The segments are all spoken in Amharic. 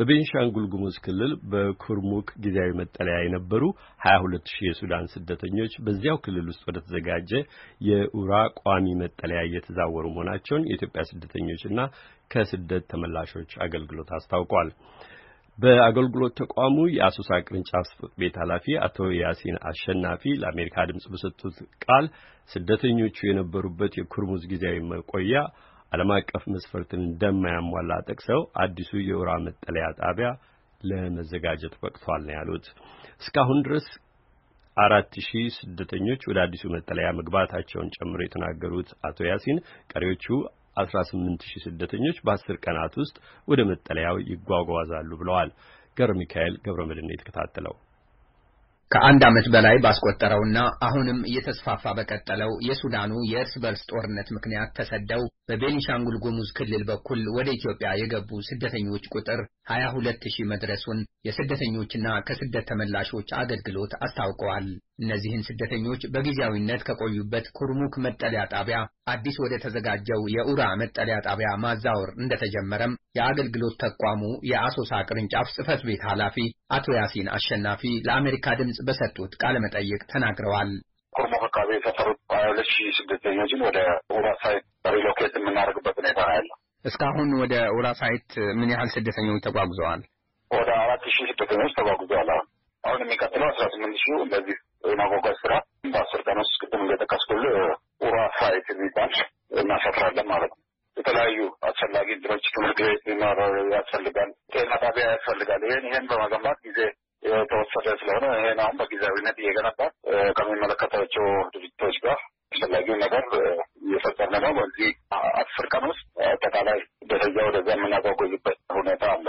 በቤንሻንጉል ጉሙዝ ክልል በኩርሙክ ጊዜያዊ መጠለያ የነበሩ 220 የሱዳን ስደተኞች በዚያው ክልል ውስጥ ወደ ተዘጋጀ የኡራ ቋሚ መጠለያ እየተዛወሩ መሆናቸውን የኢትዮጵያ ስደተኞችና ከስደት ተመላሾች አገልግሎት አስታውቋል። በአገልግሎት ተቋሙ የአሶሳ ቅርንጫፍ ጽሕፈት ቤት ኃላፊ አቶ ያሲን አሸናፊ ለአሜሪካ ድምጽ በሰጡት ቃል ስደተኞቹ የነበሩበት የኩርሙዝ ጊዜያዊ መቆያ ዓለም አቀፍ መስፈርትን እንደማያሟላ ጠቅሰው አዲሱ የውራ መጠለያ ጣቢያ ለመዘጋጀት በቅቷል ነው ያሉት። እስካሁን ድረስ አራት ሺህ ስደተኞች ወደ አዲሱ መጠለያ መግባታቸውን ጨምሮ የተናገሩት አቶ ያሲን ቀሪዎቹ 18000 ስደተኞች በ10 ቀናት ውስጥ ወደ መጠለያው ይጓጓዛሉ ብለዋል። ገብረ ሚካኤል ገብረ መድን የተከታተለው ከአንድ ዓመት በላይ ባስቆጠረውና አሁንም እየተስፋፋ በቀጠለው የሱዳኑ የእርስ በርስ ጦርነት ምክንያት ተሰደው በቤኒሻንጉል ጉሙዝ ክልል በኩል ወደ ኢትዮጵያ የገቡ ስደተኞች ቁጥር 22000 መድረሱን የስደተኞችና ከስደት ተመላሾች አገልግሎት አስታውቀዋል። እነዚህን ስደተኞች በጊዜያዊነት ከቆዩበት ኩርሙክ መጠለያ ጣቢያ አዲስ ወደ ተዘጋጀው የኡራ መጠለያ ጣቢያ ማዛወር እንደተጀመረም የአገልግሎት ተቋሙ የአሶሳ ቅርንጫፍ ጽሕፈት ቤት ኃላፊ አቶ ያሲን አሸናፊ ለአሜሪካ ድምፅ በሰጡት ቃለመጠይቅ ተናግረዋል። ኮርሞ አካባቢ የሰፈሩት ሁለት ሺህ ስደተኞችን ወደ ኡራ ሳይት ሪሎኬት የምናደርግበት ሁኔታ ነው ያለው። እስካሁን ወደ ኡራ ሳይት ምን ያህል ስደተኞች ተጓጉዘዋል? ወደ አራት ሺህ ስደተኞች ተጓጉዘዋል። አሁን አሁን የሚቀጥለው አስራ ስምንት ሺህ እንደዚህ የማጓጓዝ ስራ በአስር ቀን ውስጥ ቅድም እንደጠቀስኩል ኡራ ሳይት የሚባል እናሰፍራለን ማለት ነው። የተለያዩ አስፈላጊ ድሮች ትምህርት ቤት ሊኖረው ያስፈልጋል፣ ጤና ጣቢያ ያስፈልጋል። ይህን ይህን በመገንባት ጊዜ የተወሰደ ስለሆነ ይህን አሁን በጊዜያዊነት እየገነባ ነው። በዚህ አስር ቀን ውስጥ አጠቃላይ ደረጃ ወደዛ የምናጓጉዝበት ሁኔታ አለ።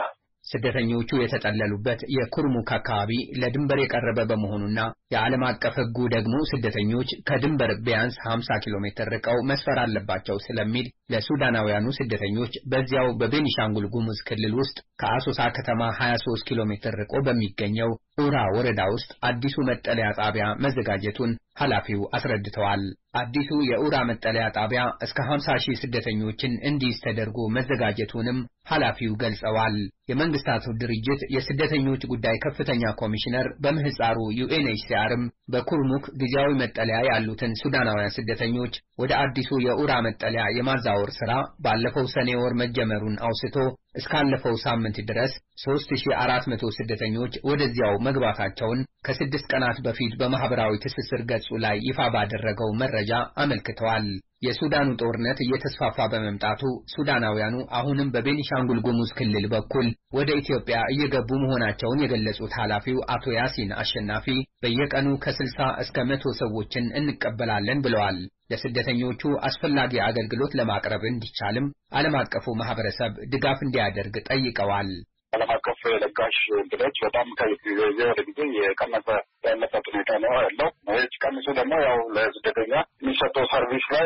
ስደተኞቹ የተጠለሉበት የኩርሙክ አካባቢ ለድንበር የቀረበ በመሆኑና የዓለም አቀፍ ሕጉ ደግሞ ስደተኞች ከድንበር ቢያንስ 50 ኪሎ ሜትር ርቀው መስፈር አለባቸው ስለሚል ለሱዳናውያኑ ስደተኞች በዚያው በቤኒሻንጉል ጉሙዝ ክልል ውስጥ ከአሶሳ ከተማ 23 ኪሎ ሜትር ርቆ በሚገኘው ኡራ ወረዳ ውስጥ አዲሱ መጠለያ ጣቢያ መዘጋጀቱን ኃላፊው አስረድተዋል። አዲሱ የኡራ መጠለያ ጣቢያ እስከ 50 ሺህ ስደተኞችን እንዲይዝ ተደርጎ መዘጋጀቱንም ኃላፊው ገልጸዋል። የመንግስታቱ ድርጅት የስደተኞች ጉዳይ ከፍተኛ ኮሚሽነር በምህፃሩ ዩኤንኤችሲአርም በኩርሙክ ጊዜያዊ መጠለያ ያሉትን ሱዳናውያን ስደተኞች ወደ አዲሱ የኡራ መጠለያ የማዛወር ሥራ ባለፈው ሰኔ ወር መጀመሩን አውስቶ እስካለፈው ሳምንት ድረስ 3400 ስደተኞች ወደዚያው መግባታቸውን ከስድስት ቀናት በፊት በማህበራዊ ትስስር ገጹ ላይ ይፋ ባደረገው መረጃ አመልክተዋል። የሱዳኑ ጦርነት እየተስፋፋ በመምጣቱ ሱዳናውያኑ አሁንም በቤኒሻንጉል ጉሙዝ ክልል በኩል ወደ ኢትዮጵያ እየገቡ መሆናቸውን የገለጹት ኃላፊው አቶ ያሲን አሸናፊ በየቀኑ ከ60 እስከ 100 ሰዎችን እንቀበላለን ብለዋል። ለስደተኞቹ አስፈላጊ አገልግሎት ለማቅረብ እንዲቻልም ዓለም አቀፉ ማህበረሰብ ድጋፍ እንዲያደርግ ጠይቀዋል። ዓለም አቀፍ የለጋሽ እንግዶች በጣም ከጊዜ ወደ ጊዜ የቀነሰ ያለበት ሁኔታ ነው ያለው። ይች ቀንሱ ደግሞ ያው ለስደተኛ የሚሰጠው ሰርቪስ ላይ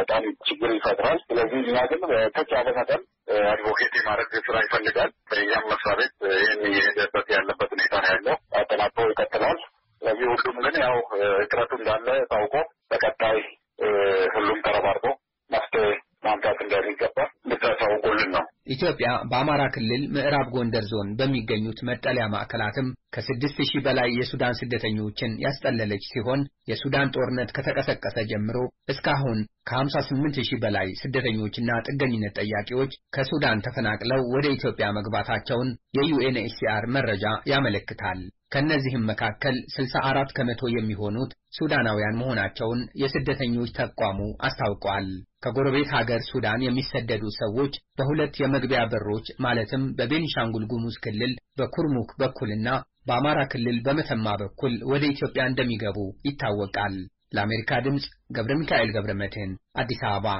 በጣም ችግር ይፈጥራል። ስለዚህ እኛ ግን በተቻለ መጠን አድቮኬት የማድረግ ስራ ይፈልጋል። በእኛም መስሪያ ቤት ይህን እየሄደበት ያለበት ሁኔታ ነው ያለው። አጠናቶ ይቀጥላል። ስለዚህ ሁሉም ግን ያው እጥረቱ እንዳለ ታውቆ በቀጣይ ሁሉም ተረባርቦ መፍትሄ ማምጣት እንደሚገባ ልታሳውቁልን ነው። ኢትዮጵያ በአማራ ክልል ምዕራብ ጎንደር ዞን በሚገኙት መጠለያ ማዕከላትም ከስድስት ሺህ በላይ የሱዳን ስደተኞችን ያስጠለለች ሲሆን የሱዳን ጦርነት ከተቀሰቀሰ ጀምሮ እስካሁን ከሀምሳ ስምንት ሺህ በላይ ስደተኞችና ጥገኝነት ጠያቂዎች ከሱዳን ተፈናቅለው ወደ ኢትዮጵያ መግባታቸውን የዩኤንኤችሲአር መረጃ ያመለክታል። ከእነዚህም መካከል 64 ከመቶ የሚሆኑት ሱዳናውያን መሆናቸውን የስደተኞች ተቋሙ አስታውቋል። ከጎረቤት ሀገር ሱዳን የሚሰደዱ ሰዎች በሁለት የመግቢያ በሮች ማለትም በቤኒሻንጉል ጉሙዝ ክልል በኩርሙክ በኩልና በአማራ ክልል በመተማ በኩል ወደ ኢትዮጵያ እንደሚገቡ ይታወቃል። ለአሜሪካ ድምፅ ገብረ ሚካኤል ገብረ መድህን አዲስ አበባ